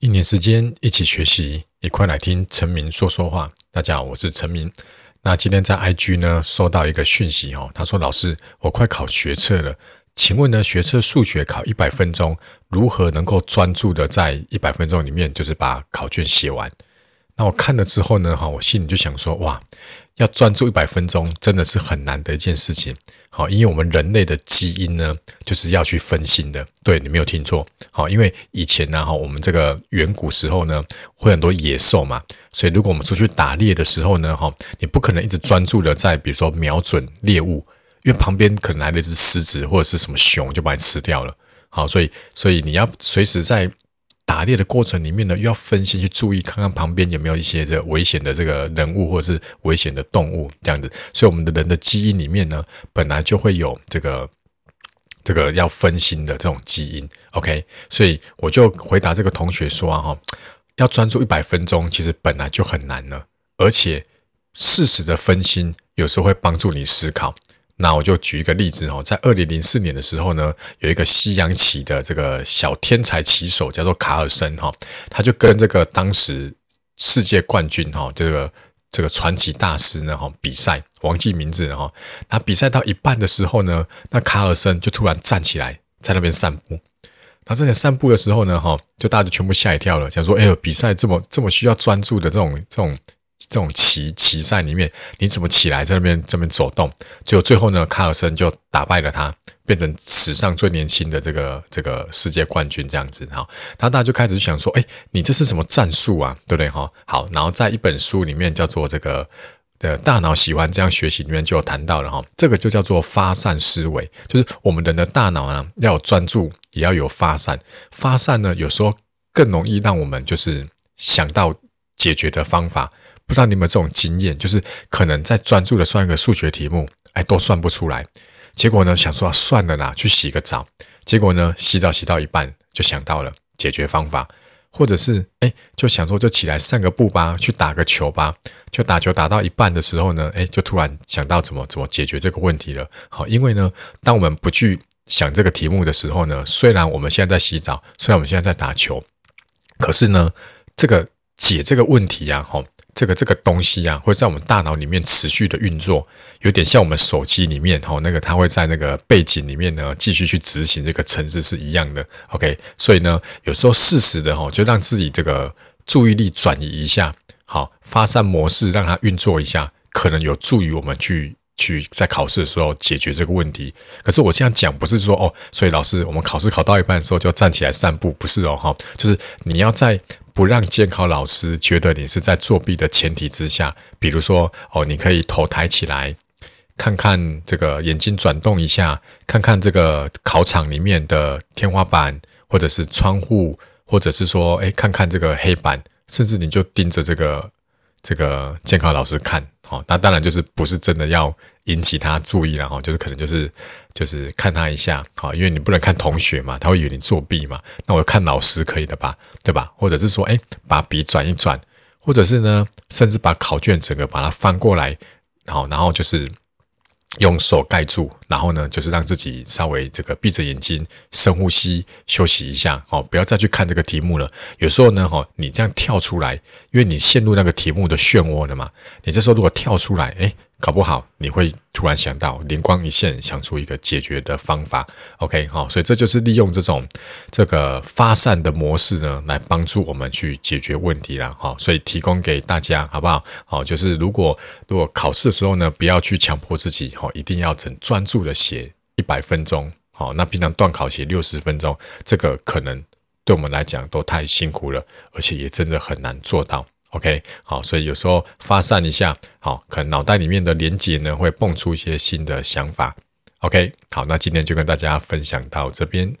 一年時間，一起學習，一塊來聽陳明說說話。大家好，我是陳明。那今天在 IG 呢，收到一個訊息哦，他說：“老師，我快考學測了，請問呢，學測數學考一百分鐘，如何能夠專注的在一百分鐘裡面，就是把考卷寫完？”那我看了之後呢，哈，我心裡就想說：“哇。”要專注一百分鐘，真的是很難的一件事情。好，因為我們人類的基因呢，就是要去分心的。對，你沒有聽錯。好，因為以前呢，哈，我們這個遠古時候呢，會很多野獸嘛，所以如果我們出去打獵的時候呢，哈，你不可能一直專注的在，比如說瞄準獵物，因為旁邊可能來了一隻獅子或者是什麼熊，就把你吃掉了。好，所以，所以你要隨時在。打獵的過程裡面呢，又要分心去注意，看看旁邊有沒有一些這危險的這個人物或者是危險的動物這樣子。所以，我們的人的基因裡面呢，本來就會有這個這個要分心的這種基因。OK，所以我就回答這個同學說啊，要專注一百分鐘，其實本來就很難了，而且適時的分心有時候會幫助你思考。那我就舉一個例子，在二零零四年的時候呢，有一個西洋棋的這個小天才棋手叫做卡爾森哈，他就跟這個當時世界冠軍哈這個這個傳奇大師呢哈比賽，忘記名字哈。他比賽到一半的時候呢，那卡爾森就突然站起來在那邊散步。那在散步的時候呢哈，就大家就全部嚇一跳了，想說哎呦，比賽這麼這麼需要專注的這種這種。這種棋棋賽裡面，你怎麼起來在那邊這邊走動？就最後呢，卡爾森就打敗了他，變成史上最年輕的這個這個世界冠軍這樣子哈。他大家就開始想說：哎、欸，你這是什麼戰術啊？對不對哈？好，然後在一本書裡面叫做《這個的大腦喜歡這樣學習》裡面就有談到了哈。這個就叫做發散思維，就是我們人的大腦呢，要有專注，也要有發散。發散呢，有時候更容易讓我們就是想到解決的方法。不知道你有沒有這種經驗，就是可能在專注的算一個數學題目，哎，都算不出來。結果呢，想說算了啦，去洗個澡。結果呢，洗澡洗到一半，就想到了解決方法，或者是哎，就想說就起來散個步吧，去打個球吧。就打球打到一半的時候呢，哎，就突然想到怎麼怎麼解決這個問題了。好，因為呢，當我們不去想這個題目的時候呢，雖然我們現在在洗澡，雖然我們現在在打球，可是呢，這個解這個問題呀、啊，吼。這個這個東西啊，會在我們大腦裡面持續的運作，有點像我們手機裡面、哦、那個它會在那個背景裡面呢繼續去執行這個程式是一樣的。OK，所以呢，有時候適時的、哦、就讓自己這個注意力轉移一下，好發散模式讓它運作一下，可能有助於我們去去在考試的時候解決這個問題。可是我這樣講不是說哦，所以老師，我們考試考到一半的時候就站起來散步，不是哦，哦，就是你要在。不讓監考老師覺得你是在作弊的前提之下，比如說，哦，你可以頭抬起來，看看這個眼睛轉動一下，看看這個考場裡面的天花板，或者是窗戶，或者是說，哎，看看這個黑板，甚至你就盯着這個。這個監考老師看，好，那當然就是不是真的要引起他注意了哈，就是可能就是就是看他一下，好，因為你不能看同學嘛，他會以為你作弊嘛，那我看老師可以的吧，對吧？或者是說，哎、欸，把筆轉一轉，或者是呢，甚至把考卷整個把它翻過來，好，然後就是用手蓋住。然後呢，就是讓自己稍微這個閉着眼睛深呼吸休息一下，哦，不要再去看這個題目了。有時候呢，哈、哦，你這樣跳出來，因為你陷入那個題目的漩渦了嘛。你這時候如果跳出來，哎，搞不好你會突然想到靈光一現，想出一個解決的方法。OK，好、哦，所以這就是利用這種這個發散的模式呢，來幫助我們去解決問題了。哈、哦，所以提供給大家好不好？好、哦，就是如果如果考試的時候呢，不要去強迫自己，哈、哦，一定要整專注的寫一百分鐘，好，那平常段考寫六十分鐘，這個可能對我們來講都太辛苦了，而且也真的很難做到。OK，好，所以有時候發散一下，好，可能腦袋裡面的連接呢會蹦出一些新的想法。OK，好，那今天就跟大家分享到這邊。